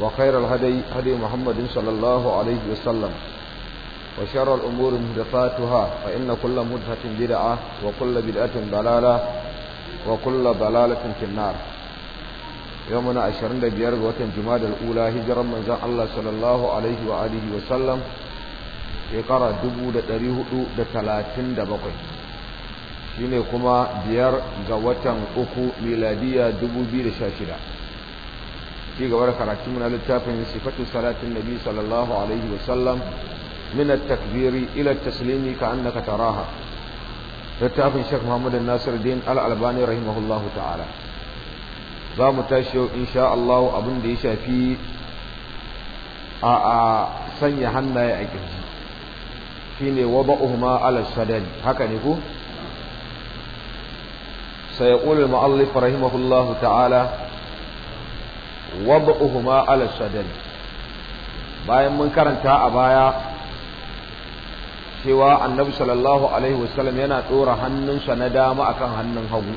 وخير الهدي هدي محمد صلى الله عليه وسلم وشر الأمور مهدفاتها فإن كل مهدفة بدعة وكل بدعة ضلالة وكل ضلالة في النار يومنا عشرين بيار وتن جماد الأولى هجرا من زان الله صلى الله عليه وآله وسلم يقرأ دبو دريه دا تلاتين دا بقي شيني كما بيار غوتن أكو ميلادية دبو بير شاشدة ci gaba da karatu muna littafin sifatu salatin nabi sallallahu alaihi wa sallam min at-takbiri ila at-taslimi ka annaka taraha littafin shek Muhammad Nasir Din Al-Albani rahimahullahu ta'ala za mu tashi yau insha Allah abin da ya shafi a a sanya hannaye a kirji shine wada'uhuma ala sadad haka ne ko sayaqulu al-mu'allif rahimahullahu ta'ala wad'uhuma ala sadr bayan mun karanta a baya cewa annabi sallallahu alaihi wasallam yana dora hannunsa na dama akan hannun hagu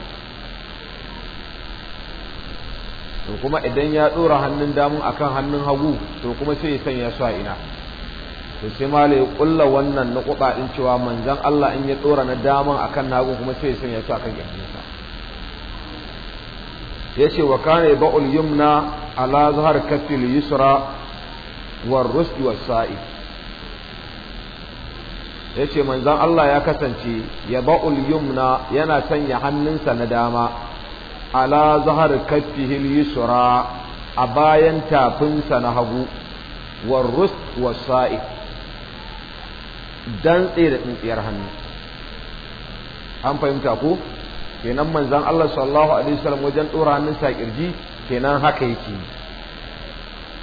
to kuma idan ya dora hannun damun akan hannun hagu to kuma sai ya sanya su a ina to sai malai ya kulla wannan na kuɓa din cewa manzon Allah in ya dora na daman akan hagu kuma sai ya sanya su akan kirjinsa yace wa kana ba'ul yumna ala zahar kafil yusra war rusdi was sa'i yace manzon Allah ya kasance ya ba'ul yumna yana sanya hannunsa na dama ala zahar kaffihil yusra a bayan tafinsa na hagu war rusd was sa'i dantse da tsintsiyar hannu an fahimta ko kenan manzon Allah sallallahu alaihi wasallam wajen dora hannunsa kirji kenan haka yake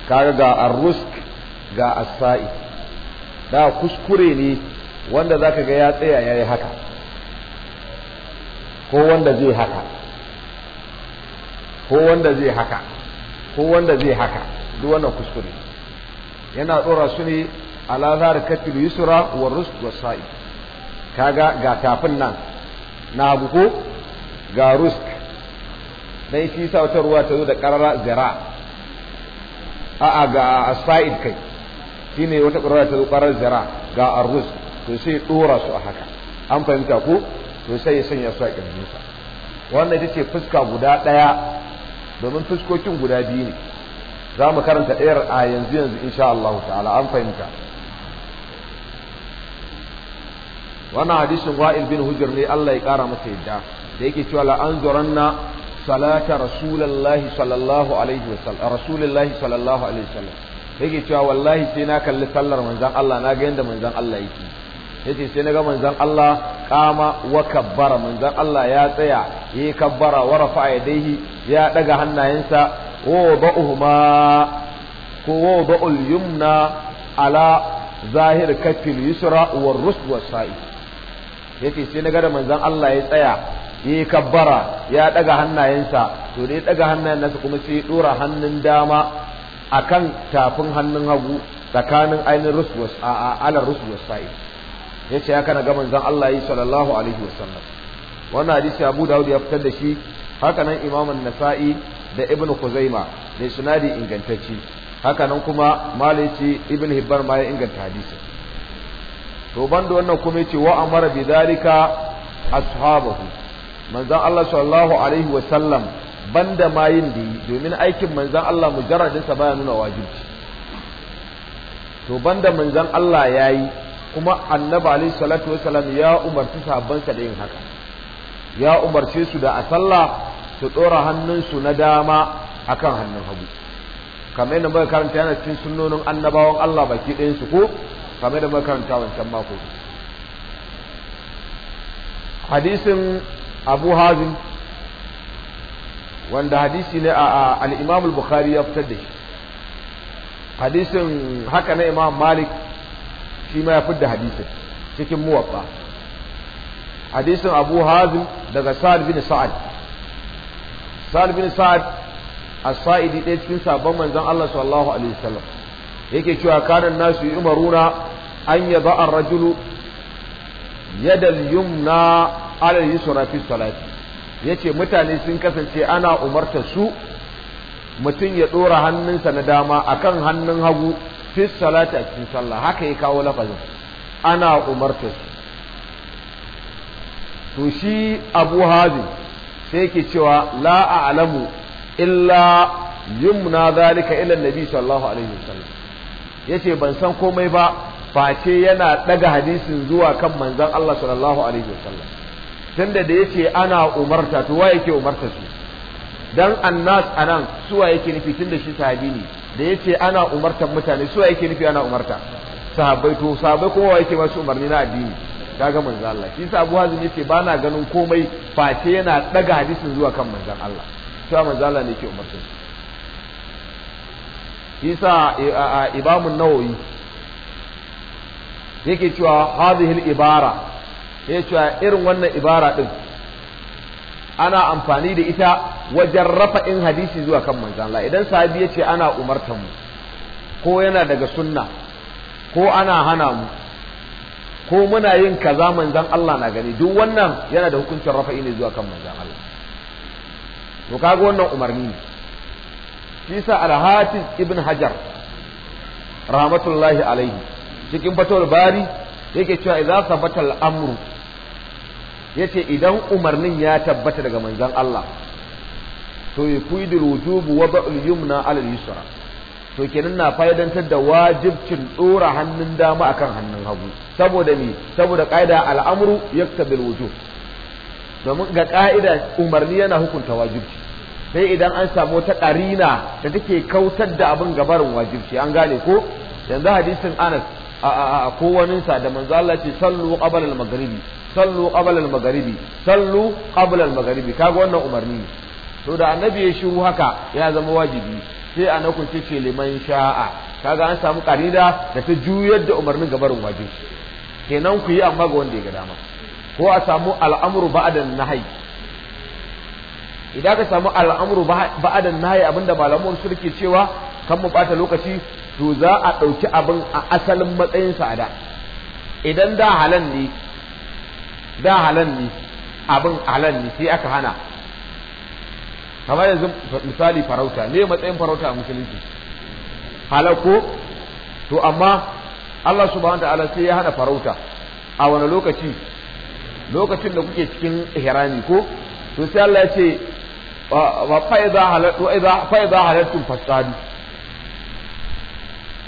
kaga ga arrusk ga asai da kuskure ne wanda zaka ga ya tsaya yayi haka ko wanda zai haka ko wanda zai haka ko wanda zai haka duk wannan kuskure yana tsora su ne ala zar katil yusra wa rusq wa sa'i kaga ga tafin nan na abu ko ga rusk dan shi sa wata ruwa ta zo da karara zira a'a ga asfa'id kai shine wata karara ta zo karar zira ga arrus to sai dora su a haka an fahimta ko to sai ya sanya su a kirjinsa wannan ita ce fuska guda ɗaya domin fuskokin guda biyu ne za mu karanta ɗayar a yanzu yanzu insha Allah ta'ala an fahimta wannan hadisin wa'il bin hujr ne Allah ya kara masa yadda da yake cewa la'an anzuranna salata rasulullahi sallallahu alaihi wasallam rasulullahi sallallahu alaihi wasallam yake cewa wallahi sai na kalli sallar manzon Allah na ga yanda manzon Allah yake yace sai na ga manzon Allah kama wa kabbara manzon Allah ya tsaya yi kabbara wa rafa yadaihi ya daga hannayensa wa ba'uhuma ko wa ba'ul yumna ala zahir kafil yusra war rusd was sa'i yace sai na ga da manzon Allah ya tsaya ya yi kabbara ya ɗaga hannayensa to da ya ɗaga hannayen nasa kuma sai ya ɗora hannun dama a kan tafin hannun hagu tsakanin ainihin rusuwas a alar rusuwas sa'i ya ce ya kana ga manzon Allah yi sallallahu alaihi wasallam wannan hadisi Abu Dawud ya fitar da shi haka nan Imam nasai da Ibn Kuzaima da sunadi ingantacci haka nan kuma Maliki Ibn Hibban ma ya inganta hadisi to banda wannan kuma ce wa amara bidhalika ashabahu Manzan Allah sallallahu alaihi wa sallam banda mayin da yi domin aikin manzan Allah mujarradin sa baya nuna wajibi to banda manzan Allah yayi kuma annabi alaihi salatu wasallam ya umarci sahabbansa da yin haka ya umarce su da a sallah su dora hannunsu na dama akan hannun hagu kamar yadda muka karanta yana cikin sunnonin annabawan Allah baki ɗayan su ko kamar yadda muka karanta wancan mako hadisin abu hazin wanda hadisi ne a al al-bukhari ya fitar da shi hadisin haka na imam malik shi ma ya fitar da hadisin cikin muwaffa hadisin abu hazin daga sa'ad bin sa'ad sa'ad bin sa'ad as-sa'idi ɗaya cikin sabon manzan Allah sallallahu alaihi wasallam yake cewa kanan nasu yumaruna an yada ar-rajulu yadal yumna ala yusra fi salati yace mutane sun kasance ana umarta su mutum ya dora hannunsa na dama akan hannun hagu fi salati a cikin sallah haka ya kawo lafazin ana umarta su to shi abu hazin sai ke cewa la a'lamu illa yumna zalika ila nabi sallallahu alaihi wasallam yace ban san komai ba face yana daga hadisin zuwa kan manzon Allah sallallahu alaihi wasallam tunda da yace ana umarta to wa yake umarta su dan annas anan suwa yake nufi tunda shi sahabi ne da yace ana umarta mutane suwa yake nufi ana umarta sahabbai to sahabbai kowa yake masu umarni na addini kaga manzo Allah shi sabu Abu Hazim yace ba na ganin komai face yana daga hadisin zuwa kan manzon Allah sai manzo Allah ne yake umarta shi sa e, Imam Nawawi yake cewa hadhihi al-ibara ya cewa irin wannan ibara din ana amfani da ita wajen rafa'in hadisi zuwa kan manzan Allah idan sahabi ya ce ana umartan mu ko yana daga sunna ko ana hana mu ko muna yin kaza manzan Allah na gani duk wannan yana da hukuncin rafa'i ne zuwa kan manzan Allah to kaga wannan umarni ne shi yasa al-Hafiz Ibn Hajar rahmatullahi alaihi cikin fatul bari yake cewa idza sabata al-amru yace idan umarnin ya tabbata daga manzon Allah to yuqidu al-wujub wa ba'l yumna ala al-yusra to kenan na fa'idantar da wajibcin dora hannun dama akan hannun hagu saboda me saboda qaida al-amru yaktabi wujub domin ga ka'ida umarni yana hukunta wajibci sai idan an samu ta ɗarina da take kautar da abin gabarin wajibci an gane ko yanzu hadisin Anas a kowaninsa da manzo Allah ce sallu qabla al-maghribi sallu qabla al-maghribi sallu qabla al-maghribi kaga wannan umarni ne to da annabi ya shiru haka ya zama wajibi sai a na kunce ce liman sha'a kaga an samu karida da ta juyar da umarnin gabarin wajibi kenan ku yi amma ga wanda ya ga dama ko a samu al'amru ba'da nahyi idan ka samu al'amru ba'da nahyi abinda malamu suke cewa kan mu bata lokaci to za a ɗauki abin a asalin matsayin a idan da halan ne da halan ne abin halan ne sai aka hana kamar yanzu misali farauta ne matsayin farauta a musulunci halakko to amma Allah subhanahu wa ta'ala sai ya hana farauta a wani lokaci lokacin da kuke cikin ihrami ko to sai Allah ya ce fa idza halattum fasadu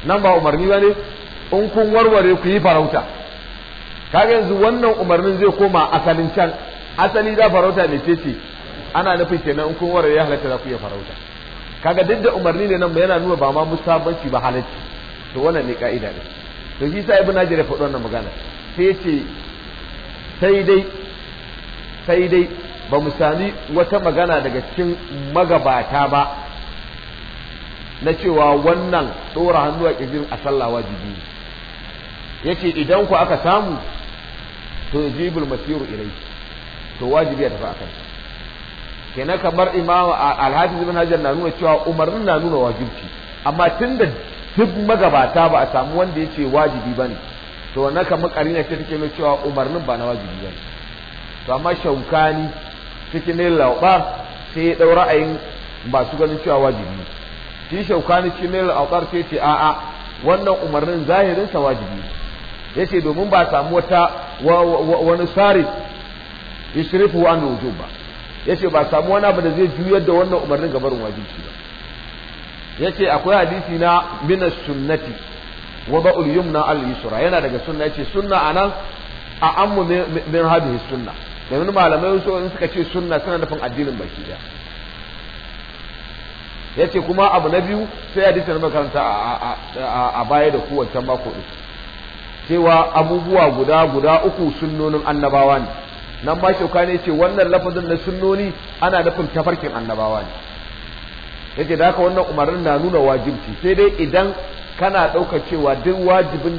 nan ba umarni ba ne in kun warware ku yi farauta kaga yanzu wannan umarnin zai koma asalin can asali da farauta ne ce ana nufin kenan in kun warware ya halatta za ku iya farauta kaga duk da umarni ne nan ba yana nuna ba ma musabanci ba halacci to wannan ne ka'ida ne to shi sa ibn najir ya faɗi wannan magana sai ya ce sai dai sai dai ba mu sami wata magana daga cikin magabata ba na cewa wannan tsora hannu a ƙirjin a sallah wajibi ya ce idan ku aka samu to jibul masiru ilai to wajibi ya tafi a kansa kenan kamar imam alhaji hajar na nuna cewa umarnin na nuna wajibci amma tun da duk magabata ba a samu wanda ya ce wajibi ba ne to na kamar karina ce take nuna cewa umarnin ba na wajibi ba ne to amma shaukani cikin lauɓa sai ya ɗau ra'ayin masu ganin cewa wajibi shi ni cikin lailar alƙar sai ce a'a wannan umarnin zahirin sa wajibi ya ce domin ba samu wata wani sari ishrifu an ba ya ce ba samu wani abu da zai juyar da wannan umarnin ga barin wajibi ba ya ce akwai hadisi na mina sunnati wa ba'ul yumna al yusra yana daga sunna yace sunna anan a ammu min hadhihi sunna domin malamai sun suka ce sunna suna nufin addinin baki daya ya ce kuma abu na biyu sai na makaranta a baya da kowace mako ɗin cewa abubuwa guda guda uku sunnonin annabawa ne nan ma shauka ne ce wannan lafazin na sunnoni ana nufin tafarkin annabawa ne yace da haka wannan umarnin na nuna wajibci sai dai idan kana ɗaukar cewa duk wajibin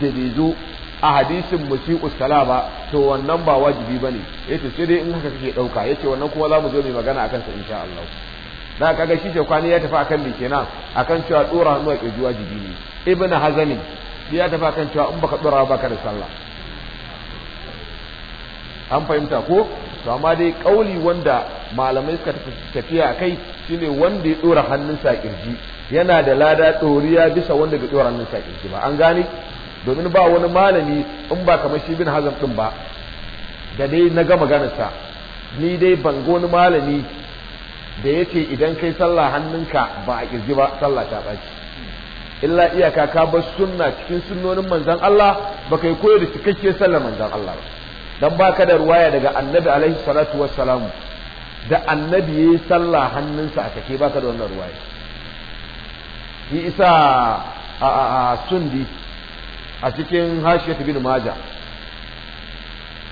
da bai zo a hadisin musi'u salama to wannan ba wajibi ba ya yace sai dai in haka kake ɗauka ce wannan kuma za mu zo mai magana a kansa insha Allah na kaga shi kwani ya tafi akan nan akan cewa dora hannu a kirji jibi ne ibn hazani ya tafi akan cewa in baka dora ka da sallah an fahimta ko to amma dai kauli wanda malamai suka tafiya kai shine wanda ya dora hannunsa a kirji yana da lada doriya bisa wanda ya dora hannunsa a kirji ba an gane domin ba wani malami in ba kamar shi bin hazan din ba da dai na ga sa ni dai ban malami da yace idan kai sallah hannunka ba a kirji ba sallah ta ɓaci illa iyaka ka bar sunna cikin sunnonin manzon Allah baka yi koyo da cikakke sallar manzon Allah ba dan baka da ruwaya daga annabi alaihi salatu wassalamu da annabi yayi sallah hannunsa a take baka da wannan ruwaya yi isa a sundi a cikin hashiyat bin maja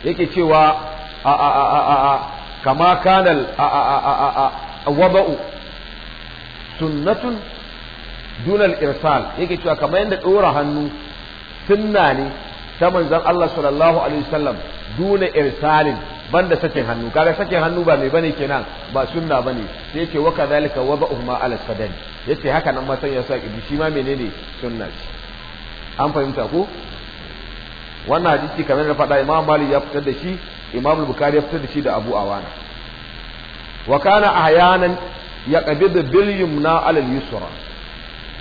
yake cewa a a a a kama kanal a a a a a waba'u sunnatun dunal irsal yake cewa kamar yadda ɗora hannu sunna ne ta manzon Allah sallallahu alaihi wasallam duna irsalin banda sakin hannu kaga sakin hannu ba mai bane kenan ba sunna bane sai yake wa kadhalika wa ba'uhuma ala sadani yace haka nan ma sanya ya sa shi ma menene sunna ce an fahimta ko wannan hadisi kamar da faɗa Imam Malik ya fitar da shi Imam Bukhari ya fitar da shi da Abu Awana Wakana a ahyanan yaqbidu bil yumna na al yusra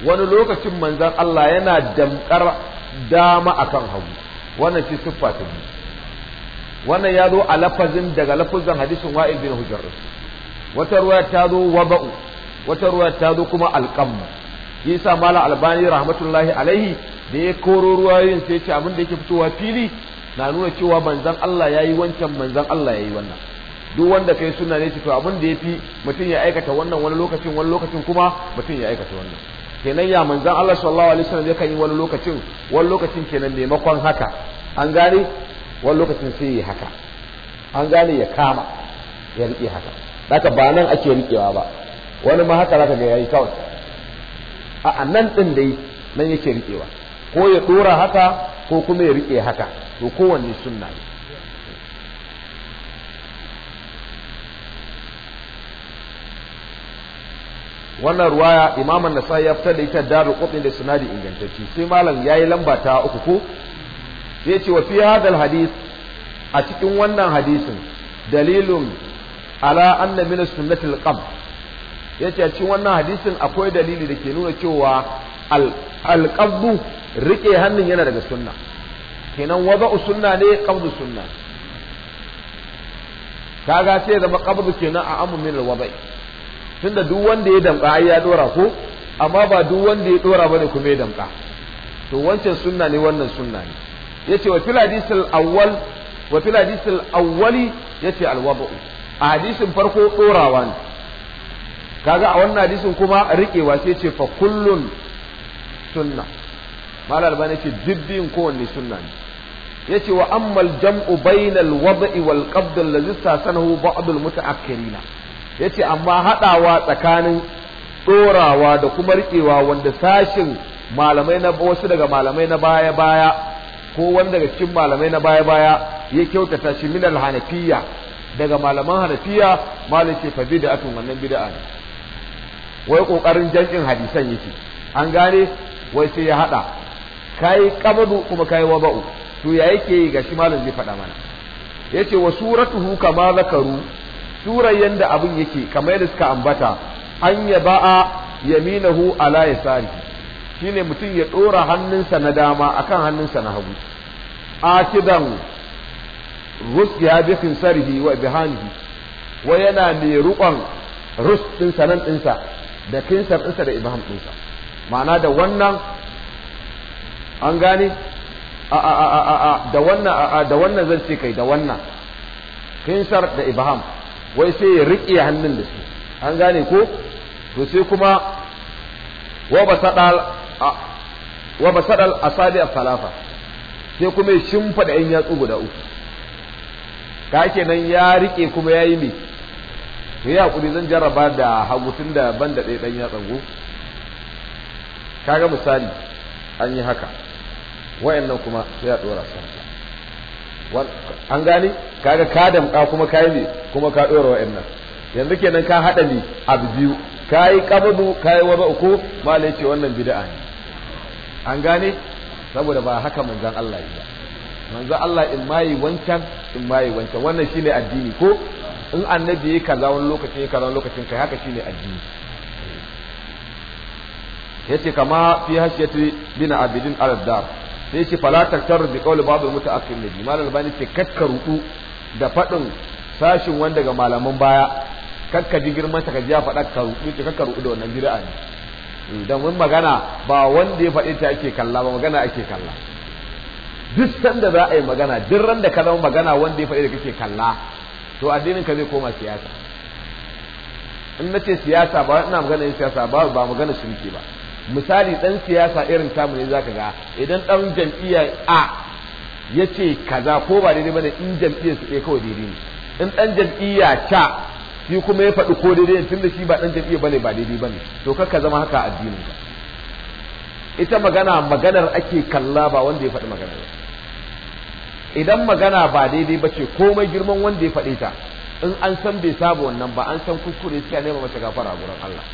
wani lokacin manzan Allah yana damƙar dama akan hagu wannan ce siffa ta biyu wannan ya zo a lafazin daga lafazin hadisin wa'il bin hujjar wata ruwa ta zo waba'u wata ruwa ta zo kuma alqamma sa mala albani rahmatullahi alaihi da ya koro ruwayoyin sai ce abin da yake fitowa fili na nuna cewa manzan Allah yayi wancan manzon Allah yayi wannan duk wanda kai suna ne to abin da yafi mutum ya aikata wannan wani lokacin wani lokacin kuma mutum ya aikata wannan kenan ya manzan Allah sallallahu alaihi wasallam yakan yi wani lokacin wani lokacin kenan maimakon haka an gane wani lokacin sai yi haka an gane ya kama ya rike haka daga ba nan ake rikewa ba wani ma haka zaka ga yayi kawai a nan din dai nan yake rikewa ko ya dora haka ko kuma ya rike haka to kowanne sunna ne wannan ruwa ya imaman nasa ya fitar da ita da qutni da sunadi ingantacci sai malam yayi lamba ta uku ko sai ce wa fi hadal hadis a cikin wannan hadisin dalilun ala anna min sunnati al-qam yace a cikin wannan hadisin akwai dalili da ke nuna cewa al-qabdu rike hannun yana daga sunna kenan wada'u sunna ne qabdu sunna kaga sai zama qabdu kenan a amu min al tunda duk wanda ya damka ai ya dora ko amma ba duk wanda ya dora bane kuma ya damka to wancan sunna ne wannan sunna ne yace wa fil hadisul awwal wa fil hadisil awwali yace alwada'u a hadisin farko dorawa ne kaga a wannan hadisin kuma riƙewa sai ce fa kullun sunna malal bane ce dibbin kowanne sunna ne yace wa ammal jam'u bainal wada'i wal qabd allazi sasanahu ba'd al muta'akkirina ya ce amma haɗawa tsakanin ɗorawa da kuma riƙewa wanda sashin malamai na wasu daga malamai na baya baya ko wanda daga cikin malamai na baya baya ya kyautata shi min alhanafiya. daga malaman hanafiya malam ce fa bid'atun wannan bid'a ne wai kokarin jankin hadisan yake an gane wai sai ya hada kai ƙamadu kuma kai waba'u to ya yake shi malam zai faɗa mana yace wa suratuhu kama zakaru surar yanda abin yake kamar yadda suka ambata an ya ba'a yaminahu ala yasari shine mutum ya dora hannunsa na dama akan hannunsa na hagu akidan ya bi khinsarihi wa bihanihi wa yana mai rukon rus din sanan dinsa da kinsar dinsa da ibham dinsa ma'ana da wannan an gane a a a a da wannan da wannan zan ce kai da wannan kinsar da ibham wai sai ya riƙe hannun da su an gane ko to sai kuma wa saɗal asabi a salafa sai kuma ya shimfa da yan yatsu guda uku ka nan ya riƙe kuma ya yi mai to ya haƙuri zan jarraba da hagutun da ban da ɗaya ɗan yatsan go kaga misali an yi haka wa'annan kuma sai a ɗora sa. an gane kaga ka damka kuma ka yi kuma ka ɗora wa'annan yanzu kenan ka haɗa ni abu biyu ka yi ƙabadu ka yi mala ce wannan bid'a ne an gane saboda ba haka manzan Allah yi ba Allah in ma yi wancan in ma yi wancan wannan shine addini ko in annabi yi kaza wani lokacin yi kaza wani lokacin kai haka shine addini yace kama fi hasiyati bin abidin al-dar sai ce fala taktaru bi qawli ba'd al mutaakhir nabi mal bani ce kakka rudu da fadin sashin wanda ga malaman baya kakka ji girman ta ka ji ya fada ka rudu ce kakka rudu da wannan bid'a ne mm, Don mun magana ba wanda ya faɗi ta ake kalla ba magana ake kalla duk sanda za a yi magana duk ran da ka zama magana wanda ya faɗi da kake kalla to addinin ka zai koma siyasa in na ce siyasa ba ina magana yin siyasa ba ba magana shirki ba misali dan siyasa irin tamu ne zaka ga idan dan jam'iyya a ya ce kaza ko ba daidai bane in jam'iyyar su ke kawai daidai ne in dan jam'iyya ta shi kuma ya faɗi ko daidai tun tunda shi ba dan jam'iyya bane ba daidai bane to ka zama haka a addinin ka ita magana maganar ake kalla ba wanda ya faɗi magana ba idan magana ba daidai ba ce komai girman wanda ya faɗi ta in an san bai saba wannan ba an san kuskure sai ne ba mace gafara a gurin Allah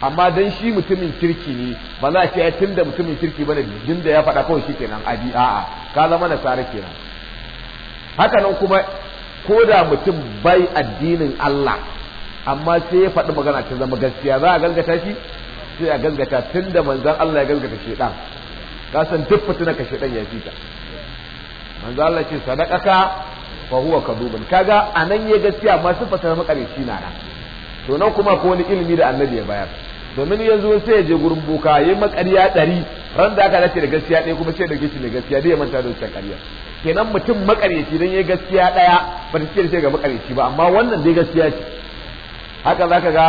amma dan shi mutumin kirki ne ba za a ce tun da mutumin kirki ba bane jin da ya faɗa kawai shi kenan abi a'a ka zama nasara kenan Hakanan kuma ko da mutum bai addinin Allah amma sai ya faɗi magana ta zama gaskiya za a gangata shi sai a gangata. tun da manzan Allah ya gangata shedan ka san duk fitina ka dan ya fita manzan Allah ce sadaqaka fa huwa kadubun kaga anan ya gaskiya masu fasara makarici na to nan kuma ko wani ilimi da annabi ya bayar domin ya zo sai ya je gurin boka ya makarya ɗari ran da aka dace da gaskiya ɗaya kuma sai da gishi da gaskiya dai ya manta da wancan ƙarya kenan mutum makaryaci don ya gaskiya ɗaya ba ta ce da ga makaryaci ba amma wannan dai gaskiya ce haka za ka ga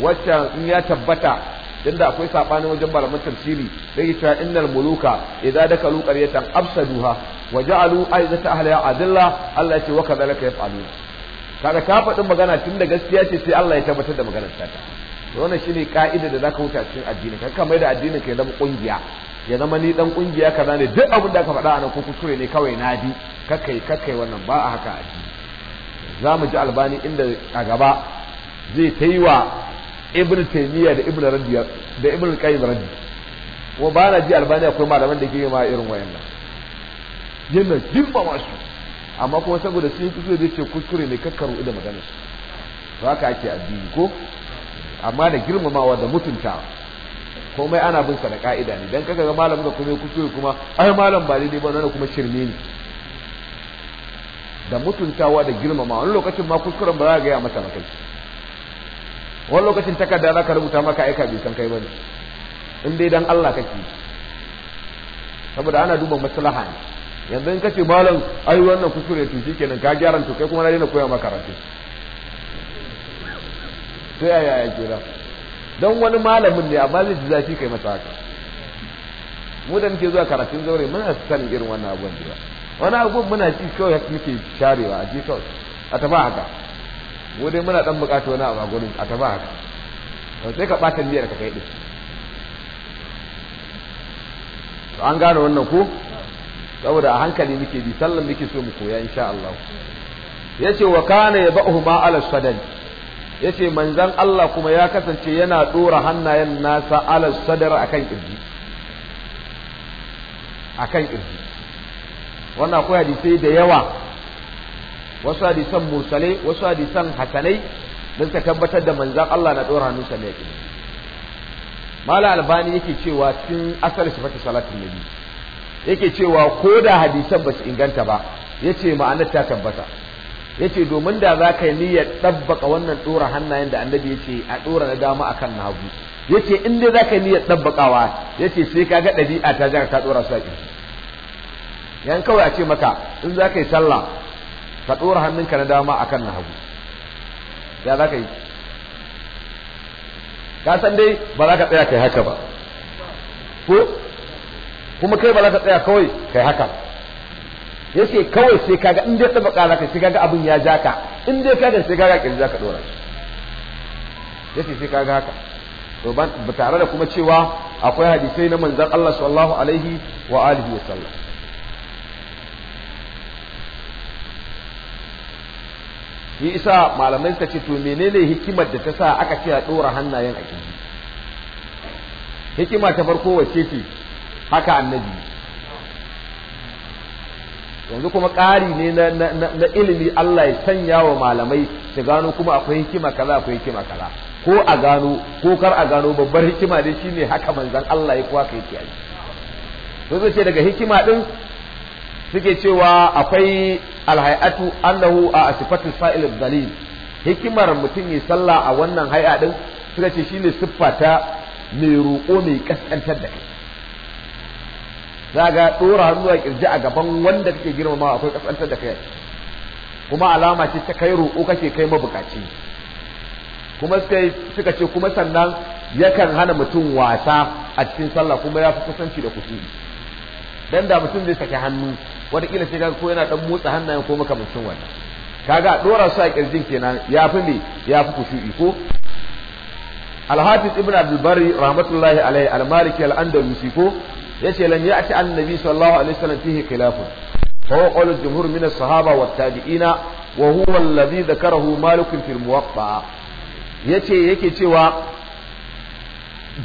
waccan in ya tabbata inda akwai saɓani wajen malaman tafsiri da ya ta innal muluka idza dakalu qaryatan waje wa ja'alu ta ahliha adilla Allah ya ce wa ya yaf'alun kaga ka faɗin magana tun da gaskiya ce sai Allah ya tabbatar da maganar ta da wannan shine ka'ida da zaka huta cikin addini kan mai da addini ka ya zama kungiya ya zama ni dan kungiya kaza ne duk abin da aka faɗa anan ko kuskure ne kawai na bi kakai kakai wannan ba a haka addini za mu ji albani inda a gaba zai ta yi wa ibn taymiya da ibn radi da ibn qayyim radi Ko ba na ji albani akwai malaman da ke yi ma irin wayannan yana jimma masu amma kuma saboda sun yi kuskure zai ce kuskure ne kakkaru ida magana ba ka ake addini ko amma da girmamawa da mutuntawa komai ana bin sa da ka'ida ne dan kaga malamin da kuma kuskure kuma ai malam ba daidai ba kuma shirme ne da mutuntawa da girmamawa wani lokacin ma kuskuren ba za ga ya mata makai wani lokacin takarda za ka rubuta maka aika bai san kai bane in dai dan Allah kake saboda ana duba maslaha ne yanzu in kace malam ai wannan kuskure to shikenan ka gyaran to kai kuma na daina koya maka karatu to yaya ya kira don wani malamin ne amma zai ji zafi kai masa haka mu da muke zuwa karatun zaure muna san irin wannan abubuwan jira wani abubuwan muna ci kawai ya muke sharewa a ji kawai a tafa haka mu dai muna dan bukata wani abu a gurin a tafa haka to sai ka bata niyyar ka kai din to an gane wannan ko saboda a hankali muke bi sallan muke so mu koya insha Allah yace wa kana yabahu ma ala sadani yace manzon Allah kuma ya kasance yana dora hannayen nasa ala sadar akan kirji akan kirji wannan akwai hadisai da yawa wasu hadisan mursale wasu hadisan hasanai da suka tabbatar da manzon Allah na dora hannunsa ne kirji mala albani yake cewa tun asali fata salatin nabi yake cewa ko da hadisan ba su inganta ba yace ma'anar ta tabbata yace domin da za ka yi niyyar dabbaka wannan ɗora hannayen da annabi yace a ɗora na dama akan na hagu yace in dai za ka yi niyyar dabbakawa yace sai ka ga ɗabi'a ta jaka ka ɗora su a yan kawai a ce maka in za ka yi sallah ka ɗora hannunka na dama akan na hagu ya za ka yi ka san dai ba za ka tsaya kai haka ba ko kuma kai ba za ka tsaya kawai kai haka yace kawai sai kaga in dai sabaka zaka sai kaga abin ya ja ka in dai kaga sai kaga kin zaka dora yace sai kaga haka to ban tare da kuma cewa akwai hadisai na manzon Allah sallallahu alaihi wa alihi wa sallam yi isa malamai suka ce to menene hikimar da ta sa aka ce a dora hannayen a kirji hikima ta farko wacce ce haka annabi yanzu kuma ƙari ne na ilimi Allah ya sanya wa malamai su gano kuma akwai hikima kaza akwai hikima kaza ko a gano ko kar a gano babbar hikima dai shine haka manzan Allah ya kuwa kai kiyaye to ce daga hikima din suke cewa akwai alhayatu annahu a sifatu sa'il dalil hikimar mutum yi sallah a wannan hay'a din suka ce shine siffa ta mai roƙo mai kaskantar da kai zaga ga dora hannu a kirji a gaban wanda kake girmama akwai kasantar da kai kuma alama ce ta kai roƙo kake kai mabukaci kuma sai suka ce kuma sannan yakan hana mutum wasa a cikin sallah kuma ya fi kusanci da kusuri dan da mutum zai sake hannu kila sai kaga ko yana dan motsa hannayen ko mutum wannan kaga dora su a kirjin kenan ya fi me ya fi kusuri ko alhafiz ibn abdulbari rahmatullahi alaihi almaliki al-andalusi ko yace lam ya'ti annabi sallallahu alaihi wasallam fihi khilafun فهو sahaba wa من wa والتابعين وهو الذي ذكره مالك في الموقع yace yake cewa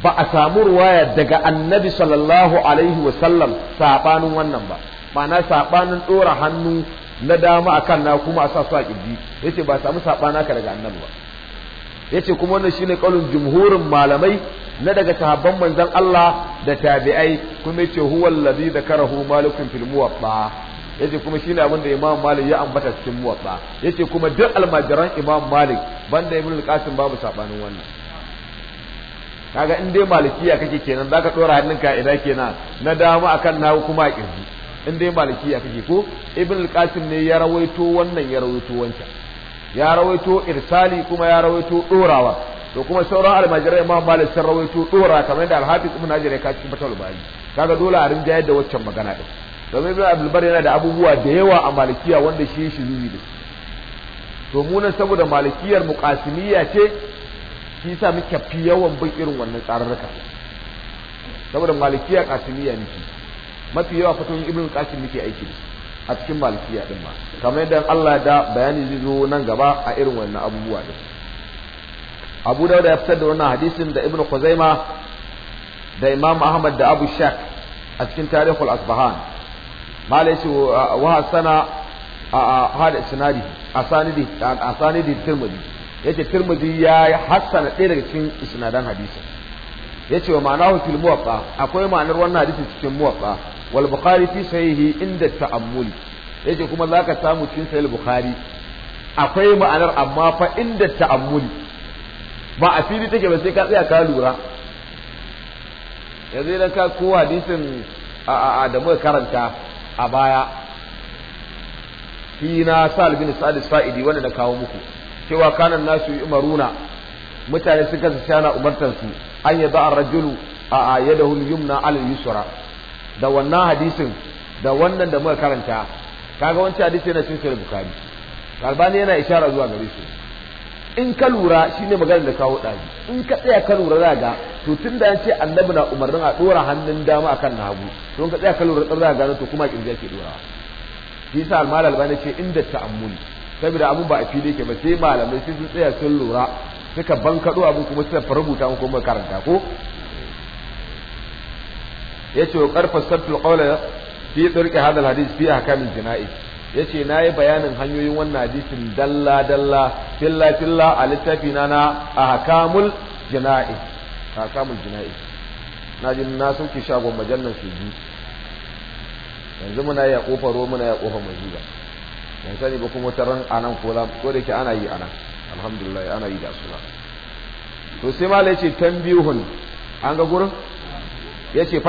ba a samu ruwaya daga annabi sallallahu alaihi wasallam sabanin wannan ba ma'ana sabanin dora hannu na dama akan na kuma a sa su a kirji yace ba samu sabana ka daga annabi ba yace kuma wannan shine kaulin jumhurin malamai na daga sahabban manzon Allah da tabi'ai kuma yace huwal ladhi zakarahu malikun fil muwatta yace kuma shine abin da Imam Malik ya ambata cikin muwatta yace kuma duk almajiran Imam Malik banda Ibn al-Qasim babu sabanin wannan kaga in dai malikiya kake kenan zaka dora hannunka ina kenan na dama akan na kuma kirji in dai malikiya kake ko Ibn al-Qasim ne ya rawaito wannan ya rawaito wancan ya rawaito irsali kuma ya rawaito dorawa to kuma sauran almajirai imam malik sun rawaito dora kamar da alhafiz ibn najir ya kaci fatal bari kaga dole a rinja yadda waccan magana din domin ibn abdul bar yana da abubuwa da yawa a malikiya wanda shi shi zubi da to mu nan saboda malikiyar muqasimiyya ce shi yasa muke fi yawan bin irin wannan tsararruka saboda malikiya qasimiyya muke mafi yawa fatan ibn qasim muke aiki a cikin malikiya din ma kamar yadda Allah da bayani zai zo nan gaba a irin wannan abubuwa din abu dauda ya fitar da wannan hadisin da ibn khuzaima da imam ahmad da abu shak a cikin tarihul asbahan malai ce wa hasana a hada sinadi asanidi asanidi tirmidhi yace tirmidhi ya hasana ɗaya daga cikin isnadan hadisi yace wa ma'anahu fil muwaffa akwai ma'anar wannan hadisin cikin muwaffa wal bukhari fi sahihi inda ta'ammuli yace kuma zaka samu cikin sahih bukhari akwai ma'anar amma fa inda ta'ammuli ba a fili take ba sai ka tsaya ka lura yanzu idan ka ko hadisin da muka karanta a baya fi na sa'al bin sa'ad fa'idi, wanda na kawo muku cewa kanan nasu umaruna mutane suka su shana umartar su an yi rajulu a yadahu yumna ala yusra da wannan hadisin da wannan da muka karanta kaga wancan hadisi yana cikin sahih bukari albani yana ishara zuwa gare su in ka lura shi ne maganar da kawo ɗaji, in ka tsaya ka lura za ga to tun da ce annabi na umarnin a ɗora hannun dama akan na hagu to in ka tsaya ka lura ɗan za ga to kuma kirja ke ɗorawa shi yasa almal albani ce inda ta'ammuli saboda abun ba a fili ke ba sai malamai sai sun tsaya sun lura suka kaɗo abin kuma suka rubuta mu kuma karanta ko yace wa qarfa sabtul qawla fi dirqi hadal hadith fi ahkamil jana'iz yace nayi bayanin hanyoyin wannan hadisin dalla dalla filla filla a littafi na na ahkamul jana'i ahkamul jina'i na ji na sauke shagon majallan su ji yanzu muna ya kofar ruwa muna ya kofar mazuba ban sani ba kuma taron anan ko ko da ke ana yi anan alhamdulillah ana yi da suna to sai malai ce tambihun an ga gurin yace